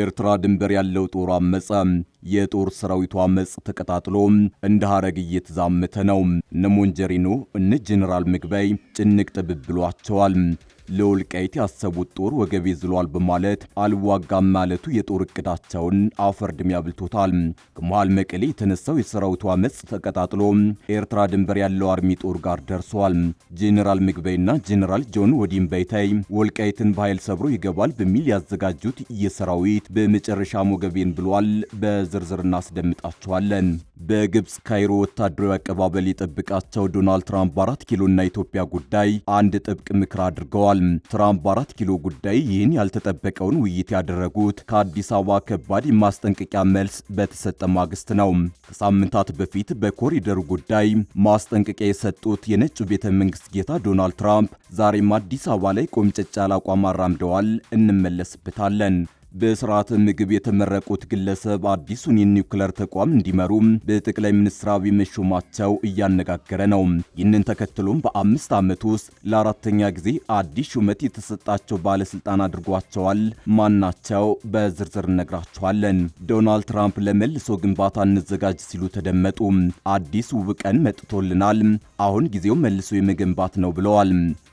ኤርትራ ድንበር ያለው ጦር አመፀ። የጦር ሰራዊቱ አመፅ ተቀጣጥሎ እንደ ሀረግ እየተዛመተ ነው። እነ ሞንጀሪኖ እነ ጄኔራል ምግበይ ጭንቅ ጥብብ ብሏቸዋል። ለወልቃይት ያሰቡት ጦር ወገቤ ዝሏል በማለት አልዋጋም ማለቱ የጦር እቅዳቸውን አፈርድም ያብልቶታል። ከመሃል መቀሌ የተነሳው የሰራዊቱ አመፅ ተቀጣጥሎ ኤርትራ ድንበር ያለው አርሚ ጦር ጋር ደርሷል። ጄኔራል ምግበይና ጄኔራል ጆን ወዲን በይታይ ወልቃይትን በኃይል ሰብሮ ይገባል በሚል ያዘጋጁት የሰራዊት በመጨረሻ ሞገቤን ብሏል። በዝርዝር እናስደምጣቸዋለን። በግብፅ ካይሮ ወታደራዊ አቀባበል የጠብቃቸው ዶናልድ ትራምፕ በአራት ኪሎና ኢትዮጵያ ጉዳይ አንድ ጥብቅ ምክር አድርገዋል። ተናግረዋል። ትራምፕ በአራት ኪሎ ጉዳይ ይህን ያልተጠበቀውን ውይይት ያደረጉት ከአዲስ አበባ ከባድ የማስጠንቀቂያ መልስ በተሰጠ ማግስት ነው። ከሳምንታት በፊት በኮሪደሩ ጉዳይ ማስጠንቀቂያ የሰጡት የነጩ ቤተ መንግስት ጌታ ዶናልድ ትራምፕ ዛሬም አዲስ አበባ ላይ ቆምጨጫ ያለ አቋም አራምደዋል። እንመለስበታለን። በስርዓተ ምግብ የተመረቁት ግለሰብ አዲሱን የኒውክለር ተቋም እንዲመሩ በጠቅላይ ሚኒስትር አብይ መሾማቸው እያነጋገረ ነው። ይህንን ተከትሎም በአምስት ዓመት ውስጥ ለአራተኛ ጊዜ አዲስ ሹመት የተሰጣቸው ባለስልጣን አድርጓቸዋል። ማናቸው? በዝርዝር እነግራቸዋለን። ዶናልድ ትራምፕ ለመልሶ ግንባታ እንዘጋጅ ሲሉ ተደመጡ። አዲስ ውብ ቀን መጥቶልናል፣ አሁን ጊዜው መልሶ የመገንባት ነው ብለዋል።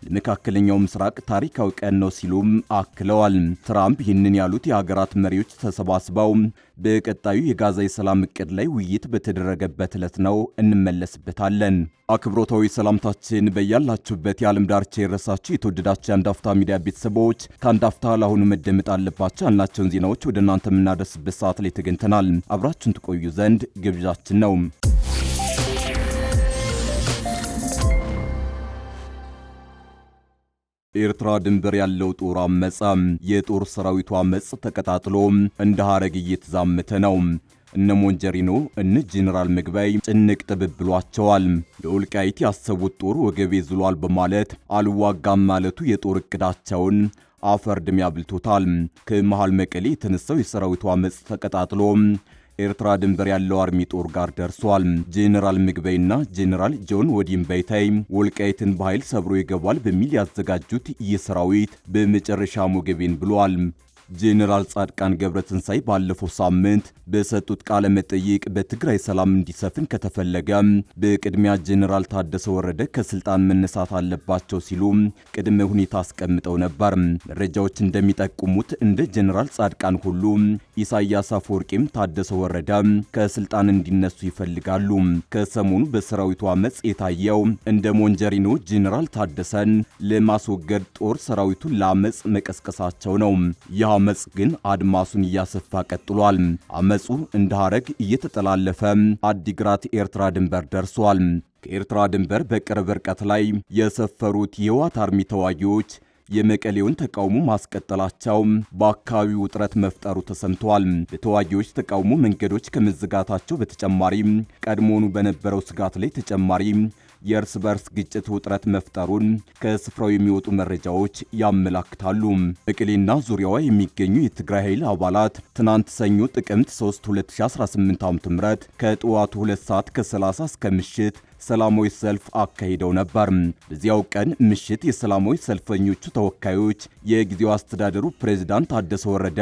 ለመካከለኛው ምስራቅ ታሪካዊ ቀን ነው ሲሉም አክለዋል። ትራምፕ ይህንን ያሉት የሀገራት መሪዎች ተሰባስበው በቀጣዩ የጋዛ የሰላም እቅድ ላይ ውይይት በተደረገበት ዕለት ነው። እንመለስበታለን። አክብሮታዊ ሰላምታችን በያላችሁበት የዓለም ዳርቻ የረሳችሁ የተወደዳችሁ የአንዳፍታ ሚዲያ ቤተሰቦች ከአንዳፍታ ለአሁኑ መደመጥ አለባቸው ያልናቸውን ዜናዎች ወደ እናንተ የምናደርስበት ሰዓት ላይ ተገኝተናል። አብራችሁን ትቆዩ ዘንድ ግብዣችን ነው። ኤርትራ ድንበር ያለው ጦር አመፀ። የጦር ሰራዊቱ አመፅ ተቀጣጥሎ እንደ ሐረግ እየተዛመተ ነው። እነ ሞንጀሪኖ እነ ጄኔራል ምግባይ ጭንቅ ጥብብ ብሏቸዋል። ለወልቃይት ያሰቡት ጦር ወገቤ ዝሏል በማለት አልዋጋም ማለቱ የጦር እቅዳቸውን አፈር ድሜ አብልቶታል። ከመሃል መቀሌ የተነሳው የሰራዊቱ አመፅ ተቀጣጥሎ ኤርትራ ድንበር ያለው አርሚ ጦር ጋር ደርሷል። ጄኔራል ምግበይና ጄኔራል ጆን ወዲም በይታይ ወልቃይትን በኃይል ሰብሮ ይገባል በሚል ያዘጋጁት ይህ ሰራዊት በመጨረሻ ሞገቤን ብሏል። ጄኔራል ጻድቃን ገብረትንሳይ ባለፈው ሳምንት በሰጡት ቃለ መጠይቅ በትግራይ ሰላም እንዲሰፍን ከተፈለገ በቅድሚያ ጄኔራል ታደሰ ወረደ ከስልጣን መነሳት አለባቸው ሲሉ ቅድመ ሁኔታ አስቀምጠው ነበር። መረጃዎች እንደሚጠቁሙት እንደ ጄኔራል ጻድቃን ሁሉ ኢሳያስ አፈወርቂም ታደሰ ወረደ ከስልጣን እንዲነሱ ይፈልጋሉ። ከሰሞኑ በሰራዊቱ አመፅ የታየው እንደ ሞንጀሪኖ ጄኔራል ታደሰን ለማስወገድ ጦር ሰራዊቱን ለአመፅ መቀስቀሳቸው ነው። አመፅ ግን አድማሱን እያሰፋ ቀጥሏል። አመፁ እንደ ሐረግ እየተጠላለፈ አዲግራት ኤርትራ ድንበር ደርሷል። ከኤርትራ ድንበር በቅርብ ርቀት ላይ የሰፈሩት የህወሓት አርሚ ተዋጊዎች የመቀሌውን ተቃውሞ ማስቀጠላቸው በአካባቢው ውጥረት መፍጠሩ ተሰምተዋል። የተዋጊዎች ተቃውሞ መንገዶች ከመዘጋታቸው በተጨማሪ ቀድሞኑ በነበረው ስጋት ላይ ተጨማሪ የእርስ በርስ ግጭት ውጥረት መፍጠሩን ከስፍራው የሚወጡ መረጃዎች ያመላክታሉ። በቅሌና ዙሪያዋ የሚገኙ የትግራይ ኃይል አባላት ትናንት ሰኞ ጥቅምት 3 2018 ዓ.ም ከጠዋቱ 2 ሰዓት ከ30 እስከ ምሽት ሰላማዊ ሰልፍ አካሂደው ነበር። በዚያው ቀን ምሽት የሰላማዊ ሰልፈኞቹ ተወካዮች የጊዜው አስተዳደሩ ፕሬዝዳንት ታደሰ ወረደ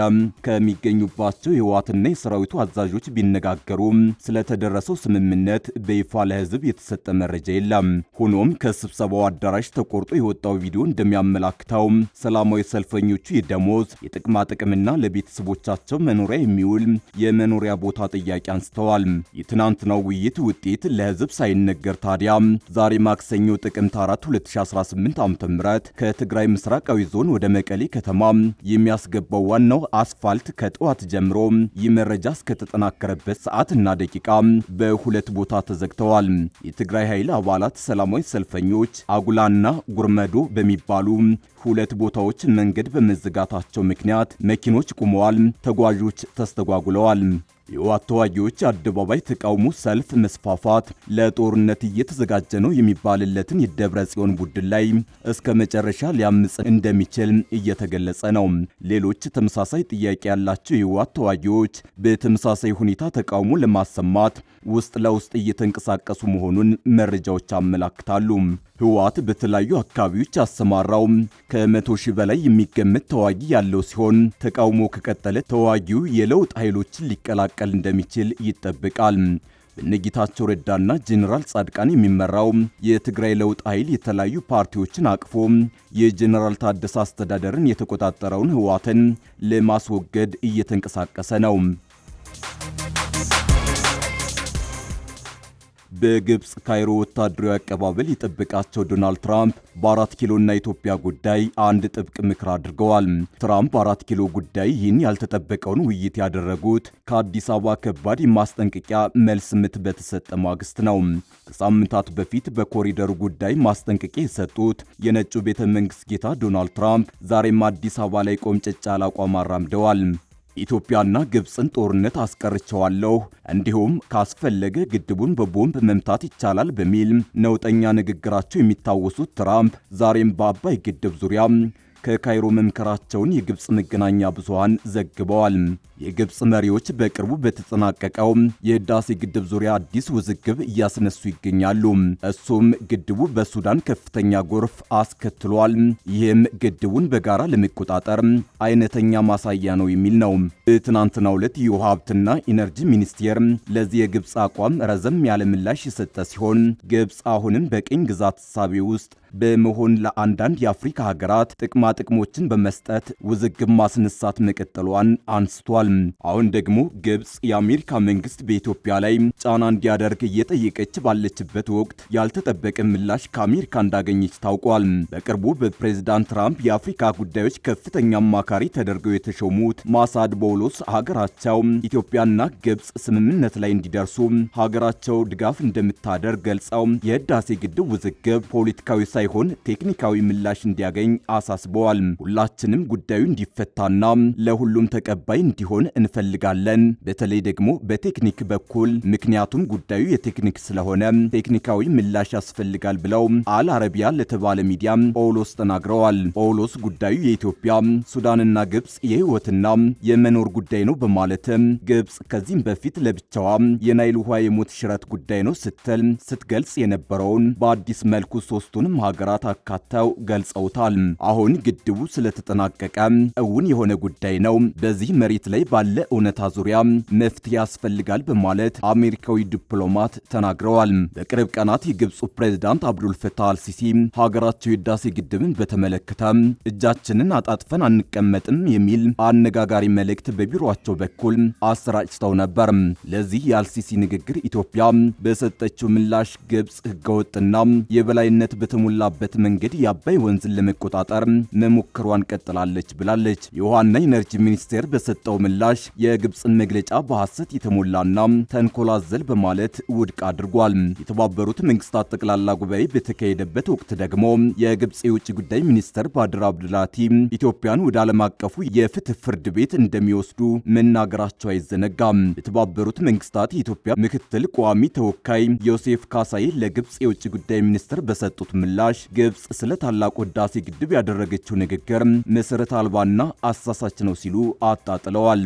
ከሚገኙባቸው የህወሓትና የሰራዊቱ አዛዦች ቢነጋገሩ ስለተደረሰው ስምምነት በይፋ ለህዝብ የተሰጠ መረጃ የለም። ሆኖም ከስብሰባው አዳራሽ ተቆርጦ የወጣው ቪዲዮ እንደሚያመላክተው ሰላማዊ ሰልፈኞቹ የደሞዝ የጥቅማጥቅምና ለቤተሰቦቻቸው መኖሪያ የሚውል የመኖሪያ ቦታ ጥያቄ አንስተዋል። የትናንትናው ውይይት ውጤት ለህዝብ ሳይነገር ችግር ታዲያ ዛሬ ማክሰኞ ጥቅምት 4 2018 ዓ.ም ከትግራይ ምስራቃዊ ዞን ወደ መቀሌ ከተማ የሚያስገባው ዋናው አስፋልት ከጠዋት ጀምሮ ይህ መረጃ እስከተጠናከረበት ሰዓት እና ደቂቃ በሁለት ቦታ ተዘግተዋል። የትግራይ ኃይል አባላት ሰላማዊ ሰልፈኞች አጉላና ጉርመዶ በሚባሉ ሁለት ቦታዎች መንገድ በመዘጋታቸው ምክንያት መኪኖች ቆመዋል፣ ተጓዦች ተስተጓጉለዋል። የህወሓት ተዋጊዎች አደባባይ ተቃውሞ ሰልፍ መስፋፋት ለጦርነት እየተዘጋጀ ነው የሚባልለትን የደብረ ጽዮን ቡድን ላይ እስከ መጨረሻ ሊያምጽ እንደሚችል እየተገለጸ ነው። ሌሎች ተመሳሳይ ጥያቄ ያላቸው የህወሓት ተዋጊዎች በተመሳሳይ ሁኔታ ተቃውሞ ለማሰማት ውስጥ ለውስጥ እየተንቀሳቀሱ መሆኑን መረጃዎች አመላክታሉ። ህወሓት በተለያዩ አካባቢዎች አሰማራው ከመቶ ሺህ በላይ የሚገመት ተዋጊ ያለው ሲሆን ተቃውሞ ከቀጠለ ተዋጊው የለውጥ ኃይሎችን ሊቀላቀል እንደሚችል ይጠበቃል። በነጌታቸው ረዳና ጄኔራል ጻድቃን የሚመራው የትግራይ ለውጥ ኃይል የተለያዩ ፓርቲዎችን አቅፎ የጄኔራል ታደሰ አስተዳደርን የተቆጣጠረውን ህወሓትን ለማስወገድ እየተንቀሳቀሰ ነው። በግብፅ ካይሮ ወታደራዊ አቀባበል የጠበቃቸው ዶናልድ ትራምፕ በአራት ኪሎና ኢትዮጵያ ጉዳይ አንድ ጥብቅ ምክር አድርገዋል። ትራምፕ በአራት ኪሎ ጉዳይ ይህን ያልተጠበቀውን ውይይት ያደረጉት ከአዲስ አበባ ከባድ የማስጠንቀቂያ መልስ ምት በተሰጠ ማግስት ነው። ከሳምንታት በፊት በኮሪደሩ ጉዳይ ማስጠንቀቂያ የሰጡት የነጩ ቤተ መንግስት ጌታ ዶናልድ ትራምፕ ዛሬም አዲስ አበባ ላይ ቆምጨጫ ያለ አቋም አራምደዋል። ኢትዮጵያና ግብፅን ጦርነት አስቀርቸዋለሁ፣ እንዲሁም ካስፈለገ ግድቡን በቦምብ መምታት ይቻላል በሚል ነውጠኛ ንግግራቸው የሚታወሱት ትራምፕ ዛሬም በአባይ ግድብ ዙሪያ ከካይሮ መምከራቸውን የግብፅ መገናኛ ብዙሃን ዘግበዋል። የግብፅ መሪዎች በቅርቡ በተጠናቀቀው የህዳሴ ግድብ ዙሪያ አዲስ ውዝግብ እያስነሱ ይገኛሉ። እሱም ግድቡ በሱዳን ከፍተኛ ጎርፍ አስከትሏል፣ ይህም ግድቡን በጋራ ለመቆጣጠር አይነተኛ ማሳያ ነው የሚል ነው። በትናንትናው ዕለት የውሃ ሀብትና ኢነርጂ ሚኒስቴር ለዚህ የግብፅ አቋም ረዘም ያለ ምላሽ የሰጠ ሲሆን ግብፅ አሁንም በቅኝ ግዛት ሳቢ ውስጥ በመሆን ለአንዳንድ የአፍሪካ ሀገራት ጥቅማ ጥቅሞችን በመስጠት ውዝግብ ማስነሳት መቀጠሏን አንስቷል። አሁን ደግሞ ግብፅ የአሜሪካ መንግስት በኢትዮጵያ ላይ ጫና እንዲያደርግ እየጠየቀች ባለችበት ወቅት ያልተጠበቀ ምላሽ ከአሜሪካ እንዳገኘች ታውቋል። በቅርቡ በፕሬዚዳንት ትራምፕ የአፍሪካ ጉዳዮች ከፍተኛ አማካሪ ተደርገው የተሾሙት ማሳድ ቦውሎስ ሀገራቸው ኢትዮጵያና ግብፅ ስምምነት ላይ እንዲደርሱ ሀገራቸው ድጋፍ እንደምታደርግ ገልጸው የህዳሴ ግድብ ውዝግብ ፖለቲካዊ ሳይሆን ቴክኒካዊ ምላሽ እንዲያገኝ አሳስቧል። አሳስበዋል። ሁላችንም ጉዳዩ እንዲፈታና ለሁሉም ተቀባይ እንዲሆን እንፈልጋለን። በተለይ ደግሞ በቴክኒክ በኩል ምክንያቱም ጉዳዩ የቴክኒክ ስለሆነ ቴክኒካዊ ምላሽ ያስፈልጋል ብለው አል አረቢያ ለተባለ ሚዲያ ጳውሎስ ተናግረዋል። ጳውሎስ ጉዳዩ የኢትዮጵያ ሱዳንና ግብፅ የህይወትና የመኖር ጉዳይ ነው በማለትም ግብፅ ከዚህም በፊት ለብቻዋ የናይል ውሃ የሞት ሽረት ጉዳይ ነው ስትል ስትገልጽ የነበረውን በአዲስ መልኩ ሶስቱንም ሀገራት አካተው ገልጸውታል። አሁን ግድቡ ስለተጠናቀቀ እውን የሆነ ጉዳይ ነው። በዚህ መሬት ላይ ባለ እውነታ ዙሪያ መፍትሄ ያስፈልጋል በማለት አሜሪካዊ ዲፕሎማት ተናግረዋል። በቅርብ ቀናት የግብፁ ፕሬዚዳንት አብዱልፈታህ አልሲሲ ሀገራቸው የህዳሴ ግድብን በተመለከተ እጃችንን አጣጥፈን አንቀመጥም የሚል አነጋጋሪ መልእክት በቢሮቸው በኩል አሰራጭተው ነበር። ለዚህ የአልሲሲ ንግግር ኢትዮጵያ በሰጠችው ምላሽ ግብፅ ህገወጥና የበላይነት በተሞላበት መንገድ የአባይ ወንዝን ለመቆጣጠር መሞከሯን ቀጥላለች ብላለች። የውሃና ኢነርጂ ሚኒስቴር በሰጠው ምላሽ የግብፅን መግለጫ በሐሰት የተሞላና ተንኮላዘል በማለት ውድቅ አድርጓል። የተባበሩት መንግስታት ጠቅላላ ጉባኤ በተካሄደበት ወቅት ደግሞ የግብፅ የውጭ ጉዳይ ሚኒስትር ባድር አብድላቲ ኢትዮጵያን ወደ ዓለም አቀፉ የፍትህ ፍርድ ቤት እንደሚወስዱ መናገራቸው አይዘነጋም። የተባበሩት መንግስታት የኢትዮጵያ ምክትል ቋሚ ተወካይ ዮሴፍ ካሳይ ለግብፅ የውጭ ጉዳይ ሚኒስትር በሰጡት ምላሽ ግብፅ ስለ ታላቁ ህዳሴ ግድብ ያደረገች ያደረገችው ንግግር መሰረት አልባና አሳሳች ነው ሲሉ አጣጥለዋል።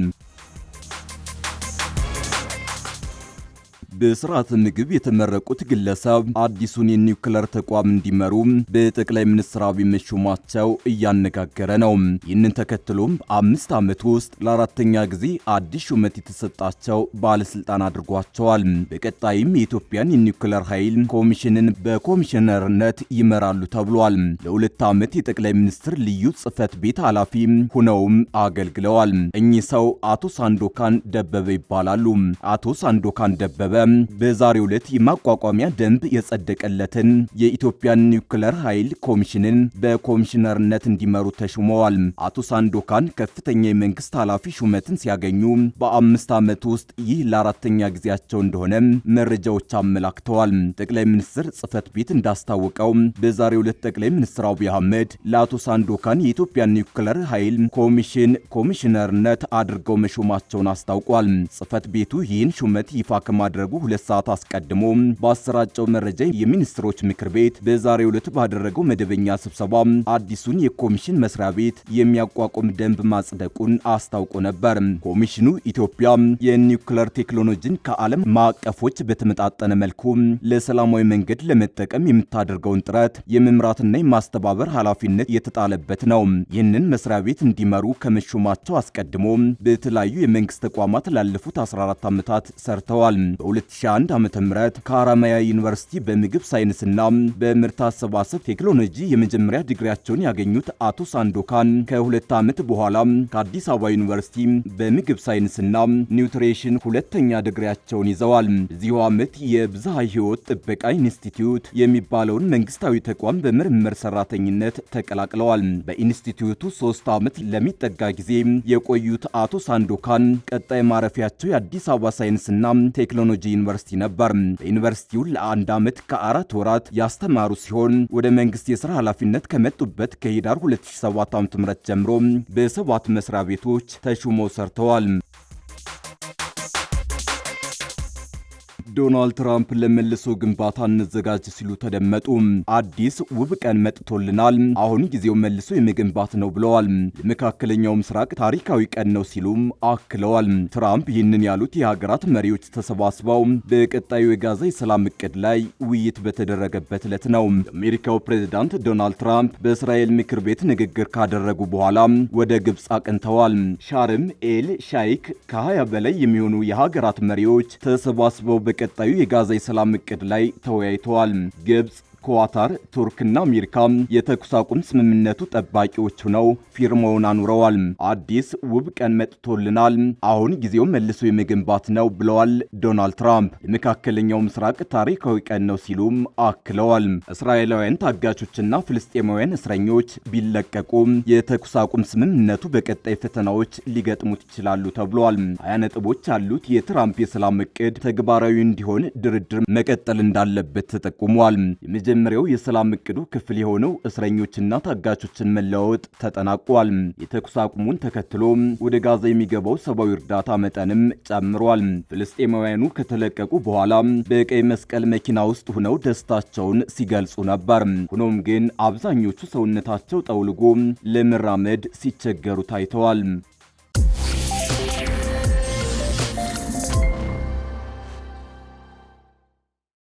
በስርዓተ ምግብ የተመረቁት ግለሰብ አዲሱን የኒውክለር ተቋም እንዲመሩ በጠቅላይ ሚኒስትር አብይ መሾማቸው እያነጋገረ ነው። ይህንን ተከትሎም አምስት ዓመት ውስጥ ለአራተኛ ጊዜ አዲስ ሹመት የተሰጣቸው ባለስልጣን አድርጓቸዋል። በቀጣይም የኢትዮጵያን የኒውክለር ኃይል ኮሚሽንን በኮሚሽነርነት ይመራሉ ተብሏል። ለሁለት ዓመት የጠቅላይ ሚኒስትር ልዩ ጽህፈት ቤት ኃላፊ ሆነውም አገልግለዋል። እኚህ ሰው አቶ ሳንዶካን ደበበ ይባላሉ። አቶ ሳንዶካን ደበበ በኋላም በዛሬው ዕለት የማቋቋሚያ ደንብ የጸደቀለትን የኢትዮጵያን ኒውክለር ኃይል ኮሚሽንን በኮሚሽነርነት እንዲመሩ ተሹመዋል። አቶ ሳንዶካን ከፍተኛ የመንግስት ኃላፊ ሹመትን ሲያገኙ በአምስት ዓመት ውስጥ ይህ ለአራተኛ ጊዜያቸው እንደሆነ መረጃዎች አመላክተዋል። ጠቅላይ ሚኒስትር ጽህፈት ቤት እንዳስታወቀው በዛሬው ዕለት ጠቅላይ ሚኒስትር አብይ አህመድ ለአቶ ሳንዶካን የኢትዮጵያ ኒውክለር ኃይል ኮሚሽን ኮሚሽነርነት አድርገው መሾማቸውን አስታውቋል። ጽህፈት ቤቱ ይህን ሹመት ይፋ ከማድረጉ ሁለት ሰዓት አስቀድሞ በአሰራጨው መረጃ የሚኒስትሮች ምክር ቤት በዛሬው ዕለት ባደረገው መደበኛ ስብሰባ አዲሱን የኮሚሽን መስሪያ ቤት የሚያቋቁም ደንብ ማጽደቁን አስታውቆ ነበር። ኮሚሽኑ ኢትዮጵያ የኒውክለር ቴክኖሎጂን ከዓለም ማዕቀፎች በተመጣጠነ መልኩ ለሰላማዊ መንገድ ለመጠቀም የምታደርገውን ጥረት የመምራትና የማስተባበር ኃላፊነት የተጣለበት ነው። ይህንን መስሪያ ቤት እንዲመሩ ከመሾማቸው አስቀድሞ በተለያዩ የመንግስት ተቋማት ላለፉት 14 ዓመታት ሰርተዋል። በ ዓ ም ከአራማያ ዩኒቨርሲቲ በምግብ ሳይንስና በምርት አሰባሰብ ቴክኖሎጂ የመጀመሪያ ዲግሪያቸውን ያገኙት አቶ ሳንዶካን ከሁለት ዓመት በኋላ ከአዲስ አበባ ዩኒቨርሲቲ በምግብ ሳይንስና ኒውትሪሽን ሁለተኛ ዲግሪያቸውን ይዘዋል። እዚሁ ዓመት የብዝሃ ሕይወት ጥበቃ ኢንስቲትዩት የሚባለውን መንግስታዊ ተቋም በምርምር ሰራተኝነት ተቀላቅለዋል። በኢንስቲትዩቱ ሶስት ዓመት ለሚጠጋ ጊዜ የቆዩት አቶ ሳንዶካን ቀጣይ ማረፊያቸው የአዲስ አበባ ሳይንስና ቴክኖሎጂ ዩኒቨርሲቲ ነበር። በዩኒቨርሲቲው ለአንድ ዓመት ከአራት ወራት ያስተማሩ ሲሆን ወደ መንግስት የሥራ ኃላፊነት ከመጡበት ከሂዳር 2007 ም ጀምሮ በሰባት መስሪያ ቤቶች ተሹሞ ሰርተዋል። ዶናልድ ትራምፕ ለመልሶ ግንባታ እንዘጋጅ ሲሉ ተደመጡ። አዲስ ውብ ቀን መጥቶልናል፣ አሁን ጊዜው መልሶ የመገንባት ነው ብለዋል። ለመካከለኛው ምስራቅ ታሪካዊ ቀን ነው ሲሉም አክለዋል። ትራምፕ ይህንን ያሉት የሀገራት መሪዎች ተሰባስበው በቀጣዩ የጋዛ የሰላም እቅድ ላይ ውይይት በተደረገበት ዕለት ነው። የአሜሪካው ፕሬዚዳንት ዶናልድ ትራምፕ በእስራኤል ምክር ቤት ንግግር ካደረጉ በኋላ ወደ ግብፅ አቅንተዋል። ሻርም ኤል ሻይክ ከ20 በላይ የሚሆኑ የሀገራት መሪዎች ተሰባስበው በቀጣዩ የጋዛ የሰላም እቅድ ላይ ተወያይተዋል። ግብጽ ኳታር፣ ቱርክና አሜሪካ የተኩስ አቁም ስምምነቱ ጠባቂዎች ሆነው ፊርማውን አኑረዋል። አዲስ ውብ ቀን መጥቶልናል፣ አሁን ጊዜው መልሶ የመገንባት ነው ብለዋል ዶናልድ ትራምፕ። የመካከለኛው ምስራቅ ታሪካዊ ቀን ነው ሲሉም አክለዋል። እስራኤላውያን ታጋቾችና ፍልስጤማውያን እስረኞች ቢለቀቁ የተኩስ አቁም ስምምነቱ በቀጣይ ፈተናዎች ሊገጥሙት ይችላሉ ተብሏል። ሀያ ነጥቦች ያሉት የትራምፕ የሰላም እቅድ ተግባራዊ እንዲሆን ድርድር መቀጠል እንዳለበት ተጠቁሟል። የመጀመሪያው የሰላም እቅዱ ክፍል የሆነው እስረኞችና ታጋቾችን መለዋወጥ ተጠናቋል። የተኩስ አቁሙን ተከትሎ ወደ ጋዛ የሚገባው ሰብአዊ እርዳታ መጠንም ጨምሯል። ፍልስጤማውያኑ ከተለቀቁ በኋላ በቀይ መስቀል መኪና ውስጥ ሆነው ደስታቸውን ሲገልጹ ነበር። ሆኖም ግን አብዛኞቹ ሰውነታቸው ጠውልጎ ለመራመድ ሲቸገሩ ታይተዋል።